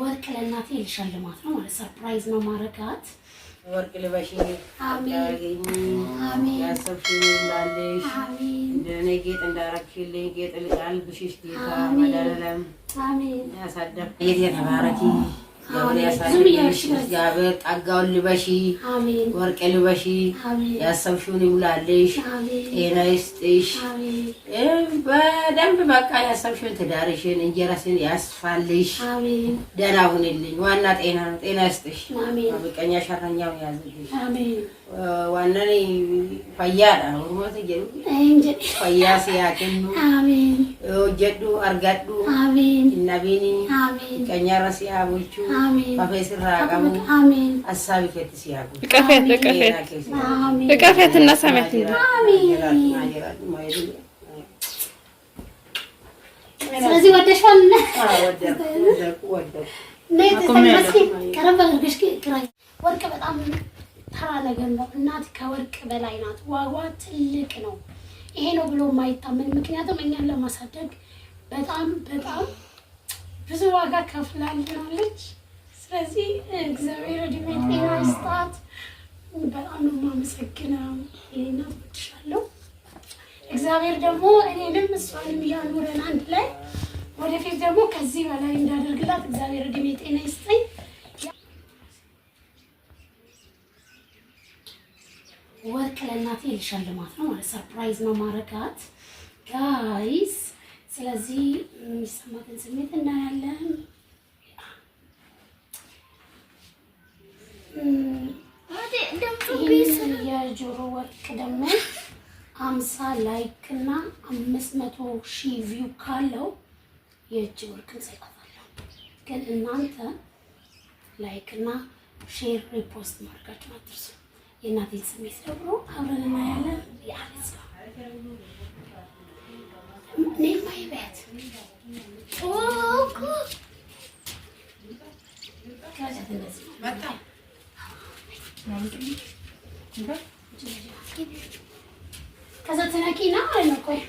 ወርቅ ለእናቴ ልሸልማት ነው ማለት ሰርፕራይዝ ነው ማረጋት። ወርቅ ልበሽ፣ ያሰብሽውን ላለሽ እንደኔ ጌጥ እንዳረክልኝ ጌጥ ልቃል ብሽሽ ጌታ መድኃኒዓለም ያሳደፍ ጌት የተባረኪ እግዚአብሔር ጸጋውን ልበሺ፣ ወርቅ ልበሺ፣ ያሰብሽውን ይሙላልሽ፣ ጤና ይስጥሽ። በደንብ በቃ ያሰብሽውን ትዳርሽን፣ እንጀራሽን ያስፋልሽ፣ ደህና ሁንልኝ። ዋና ጤና ነው። ጤና ይስጥሽ። ምቀኛ ሸረኛውን ያዝልሽ። waanan fayyaadha oromota jedhu fayyaa si haa kennu hojjedhu argadhu hinnabiini qanyaarra si haa bulchu qafee sirraa qabu hassaabi keetti si haa bulchu qafeet qafeet qafeet እና ሳሜት እንደ ስለዚህ ወደሻል ወደቁ ወደቁ ቀረብ አድርገሽ ወርቅ በጣም ተራ ነገር ነው። እናት ከወርቅ በላይ ናት። ዋጓ ትልቅ ነው። ይሄ ነው ብሎ የማይታመን ምክንያቱም እኛን ለማሳደግ በጣም በጣም ብዙ ዋጋ ከፍላልናለች። ስለዚህ እግዚአብሔር እድሜ ጤና ይስጣት። በጣም ነው የማመሰግነው። ይሄና ትወድሻለሁ። እግዚአብሔር ደግሞ እኔንም እሷንም እያኖረን አንድ ላይ ወደፊት ደግሞ ከዚህ በላይ እንዳደርግላት እግዚአብሔር እድሜ ጤና ይስጠኝ። ልክ ለእናቴ ይልሻል ነው ማለት ሰርፕራይዝ ነው ማረጋት ጋይስ። ስለዚህ የሚሰማትን ስሜት እናያለን። የጆሮ ወርቅ ደግሞ አምሳ ላይክ እና አምስት መቶ ቪው ካለው የእጅ ወርቅ እንሰጣታለን። ግን እናንተ ላይክ እና ሼር ሪፖስት ማድረጋችሁን የእናቴን ስሜት ደግሞ አብረን እናያለን። ያለ ከዛ ተነቂና ማለት ነው። ቆይ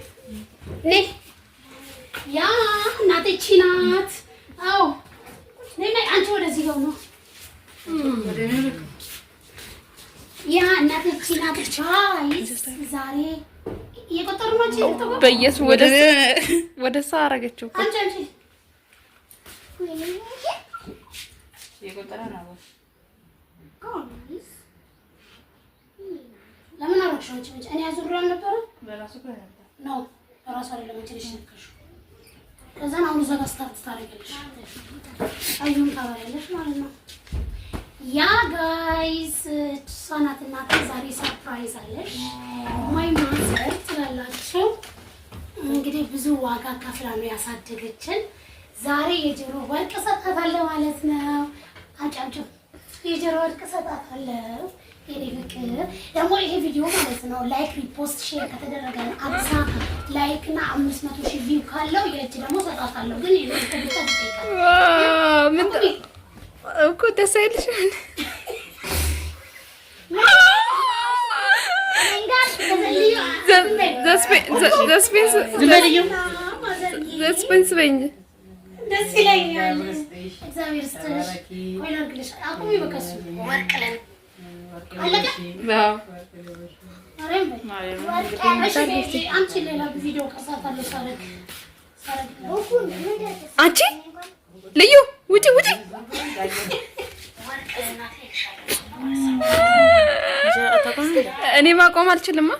ያ እናቴ ቺ ናት። አዎ እኔማ አንቺ ወደዚህ ገው ነው ያ እናቶች እናቶች ዛሬ እየቆጠሩ ናቸው። ወደ እሷ አደረገችው። ያ ጋይስ ናት እናቴ። ዛሬ ሰርፕራይዝ አለሽ ማይ ማዘር ትላላችሁ። እንግዲህ ብዙ ዋጋ ከፍላ ነው ያሳደገችን። ዛሬ የጆሮ ወርቅ እሰጣታለሁ ማለት ነው። አጫጭ የጆሮ ወርቅ እሰጣታለሁ። የኔ ፍቅር ደግሞ ይሄ ቪዲዮ ማለት ነው ላይክ፣ ሪፖስት፣ ሼር ከተደረገ አብሳ ላይክ እና አምስት መቶ ሺህ ቪው ካለው የእጅ ደግሞ እሰጣታለሁ። ግን የኔ እኮ ደስ አይልሽም? ደስ በይኝ። ደስ ይለኛል። እግዚአብሔር አንቺ ልዩ ውጪ ውጪ እኔ ማቆም አልችልማ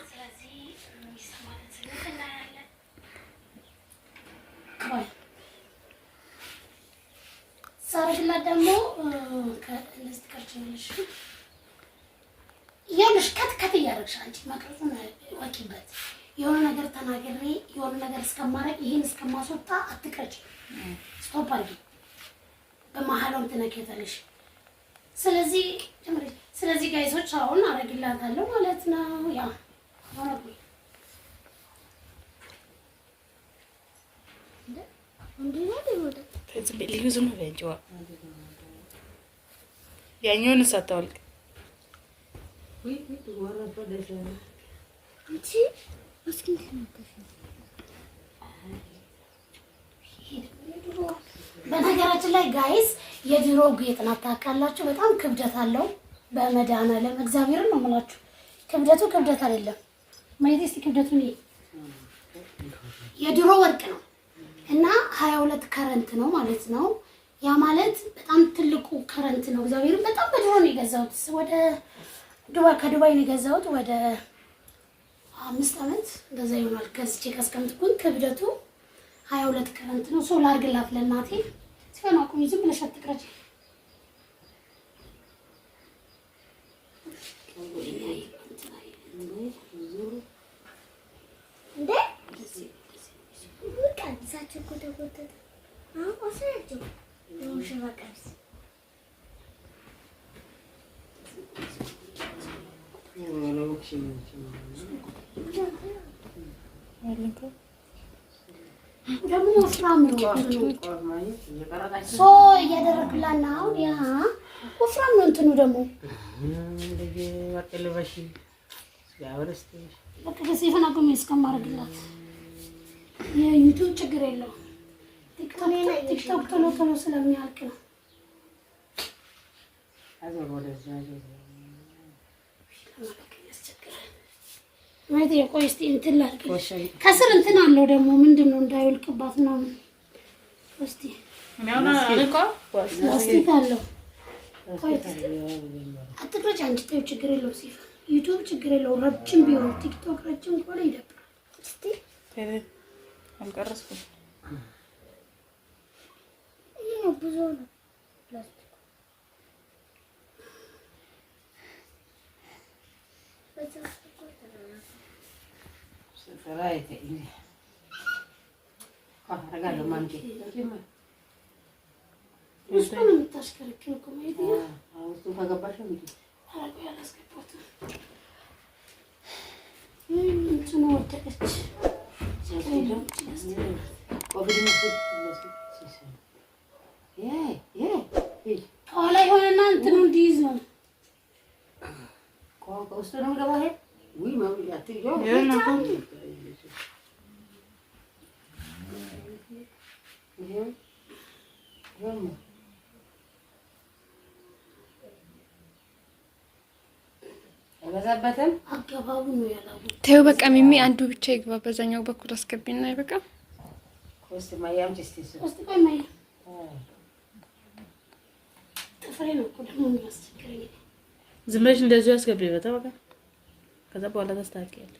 ሳረግላት ደግሞ ከእነዚህ ትቀርጭኛለሽ ያለሽ ከትከት እያደረግሽ አንቺ መቅረጹን ወቂበት። የሆነ ነገር ተናግሬ የሆነ ነገር እስከማረቅ ይሄን እስከማስወጣ አትቀርጭ፣ ስቶፕ አድርጊ። በመሀላውም ትነኪያታለሽ። ስለዚህ ስለዚህ ጋይሶች አሁን አረግላታለሁ ማለት ነው ያ ሆነ ልዩ ዝም ያኛውን ሳታወልቅ በነገራችን ላይ ጋይስ የድሮ ጌጥ ናት ታውቃላችሁ። በጣም ክብደት አለው። በመድኃኒዓለም እግዚአብሔርን ነው የምላችሁ። ክብደቱ ክብደት አይደለም። ማየት እስኪ ክብደቱን የድሮ ወርቅ ነው። እና ሀያ ከረንት ነው ማለት ነው። ያ ማለት በጣም ትልቁ ከረንት ነው። እግዚአብሔር በጣም በድሮ ነው የገዛሁት። ወደ ዱባይ ከዱባይ ነው የገዛሁት። ወደ አምስት ዓመት እንደዛ ይሆናል ገዝቼ ካስቀምጥኩኝ። ክብደቱ ሀያ ሁለት ከረንት ነው። ሶ ላርግላት ለእናቴ ሲሆን አቁሚ፣ ዝም ብለሽ ተጎተጎተተ። አሁን ቆሰለችው የሙሽራ ቀሚስ እያደረግላን ነው። አሁን ያ ወፍራም ነው እንትኑ ደግሞ በቃ ገጽ የፈናጎ እስከማረግላት የዩቲዩብ ችግር የለው ቲክቶክ ቶሎ ቶሎ ስለሚያልቅ ነው። የቆይ እስኪ እንትን ላድርግ። ከስር እንትን አለው ደግሞ ምንድን ነው እንዳይወልቅባት ነው። እስኪ ላስቲክ አለው። አትቅረጭ አንቺ ተይው፣ ችግር የለውም። ዩቲዩብ ችግር የለውም። ረጅም ቢሆን ቲክቶክ ረጅም ከሆነ ይደብራል። አልቀረስኩም። ብዙ ነው ፕላስቲኩ። ከኋላ የሆነና እንትኑ እንዲይዝ ነው። ከውስጡ ነው የምገባው አልበዛበትም። ተይው በቃ ሚሚ፣ አንዱ ብቻ ይግባ። በዛኛው በኩል አስገቢና አይበቃም? ዝም ብለሽ እንደዚሁ አስገቢ። በቃ ከዛ በኋላ ታስተካክያለሽ።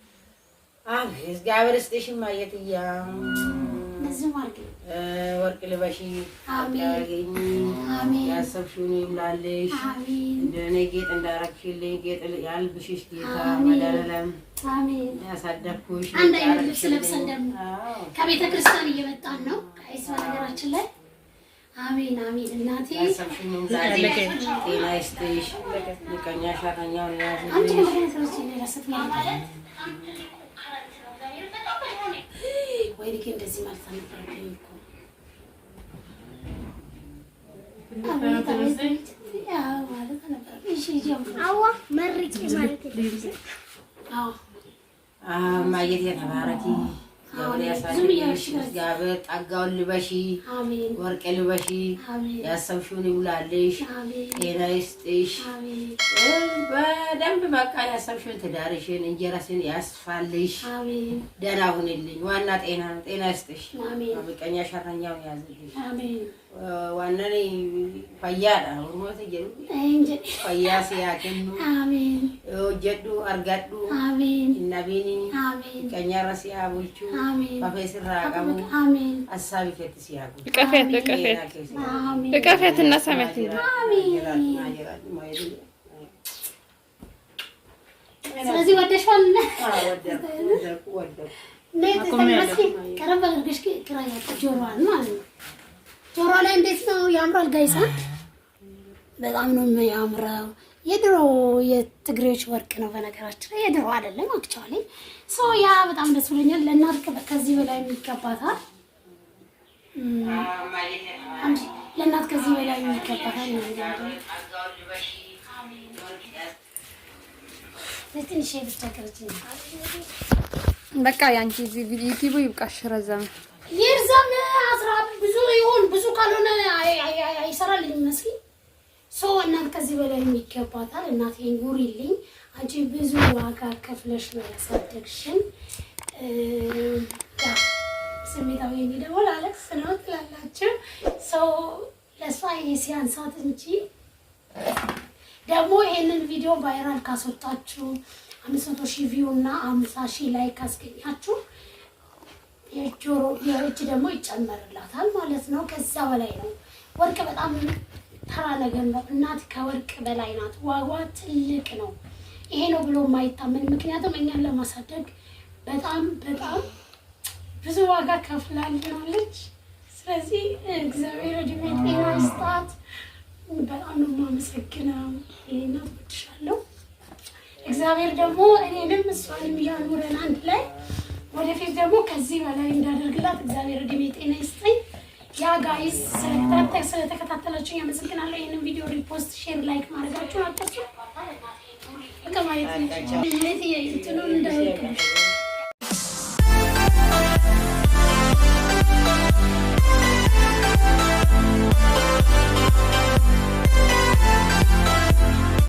እግዚአብሔር ይስጥሽ ማየትያ ወርቅ ልበሽ ያገኝ ያሰብሽውን ይብላልሽ። እንደኔ ጌጥ እንዳረግሽልኝ ጌጥ ያልብሽሽ ጌታ መድኃኒዓለም ያሳደግኩሽ። አንድ አይነት ልብስ ለብሰን ደግሞ ከቤተ ክርስቲያን እየመጣን ነው። ቀይስ በነገራችን ላይ አሜን አሜን። እናቴ ጤና ይስጥሽ። ቀኛ ሻተኛውን ያዝ ወይ እንደዚህ ማለት አልነበረብኝ እኮ ማለት እግዚአብሔር ጸጋውን ልበሺ፣ ወርቅ ልበሺ፣ ያሰብሽውን ይውላልሽ፣ ጤና ይስጥሽ። በደንብ በቃ ያሰብሽውን ትዳርሽን፣ እንጀራሽን ያስፋልሽ። ደህና ሁንልኝ። ዋና ጤና ነው። ጤና ይስጥሽ። ምቀኛ ሸረኛውን ያዝልሽ። ዋናኔ fayyaadha uummata jedhu fayyaa siyaa kennu hojjedhu argadhu hin dhabiini qeenyarra siyaa bulchu qafee sirraa qabu assaa bifetti siyaa gudu qafeet qafeet qafeet እና ሰመት ስለዚህ ወደሽዋል ወደ ቀረበ ግሽ ክራ ጆሮዋል ማለት ነው ጆሮ ላይ እንዴት ነው ያምራል? ጋይሳ በጣም ነው የሚያምረው። የድሮ የትግሬዎች ወርቅ ነው በነገራችን ላይ የድሮ አይደለም። አክቹዋሊ ሰው ያ በጣም ደስ ብሎኛል። ለእናት ከዚህ በላይ የሚገባታል። ለእናት ከዚህ በላይ የሚገባታል። ለትንሽ ብቻ በቃ የአንቺ ዩቲዩብ ይብቃሽ። ረዘም ይርዘም አስራ ነው ይሁን። ብዙ ካልሆነ አይሰራልኝ መስሎኝ ሰው እናት ከዚህ በላይ የሚገባታል። እናቴ ኑሪልኝ። አንቺ ብዙ ዋጋ ከፍለሽ ነው ያሳደግሽን። ስሜታዊ ደግሞ ላለቅስ ነው ትላላቸው ሰው ለእሷ ይሄ ሲያንሳት እንጂ ደግሞ ይሄንን ቪዲዮ ቫይራል ካስወጣችሁ አምስት መቶ ሺህ ቪው እና አምሳ ሺህ ላይክ ካስገኛችሁ የጆሮ የእጅ ደግሞ ይጨመርላታል ማለት ነው። ከዛ በላይ ነው። ወርቅ በጣም ተራ ነገር ነው። እናት ከወርቅ በላይ ናት። ዋጓ ትልቅ ነው። ይሄ ነው ብሎ የማይታመን ምክንያቱም እኛን ለማሳደግ በጣም በጣም ብዙ ዋጋ ከፍላለች። ስለዚህ እግዚአብሔር እድሜ ጤና ይስጣት። በጣም ነው የማመሰግነው። ይሄና ትወድሻለሁ። እግዚአብሔር ደግሞ እኔንም እሷንም እያኖረን አንድ ላይ ወደፊት ደግሞ ከዚህ በላይ እንዳደርግላት እግዚአብሔር እድሜ ጤና ይስጠኝ። ያ ጋይስ ስለተከታተላችሁ ያመሰግናለሁ። ይህንን ቪዲዮ ሪፖስት፣ ሼር፣ ላይክ ማድረጋችሁን አትርሱ። በቃ ማለት ነው እንትኑን እንዳይወቅ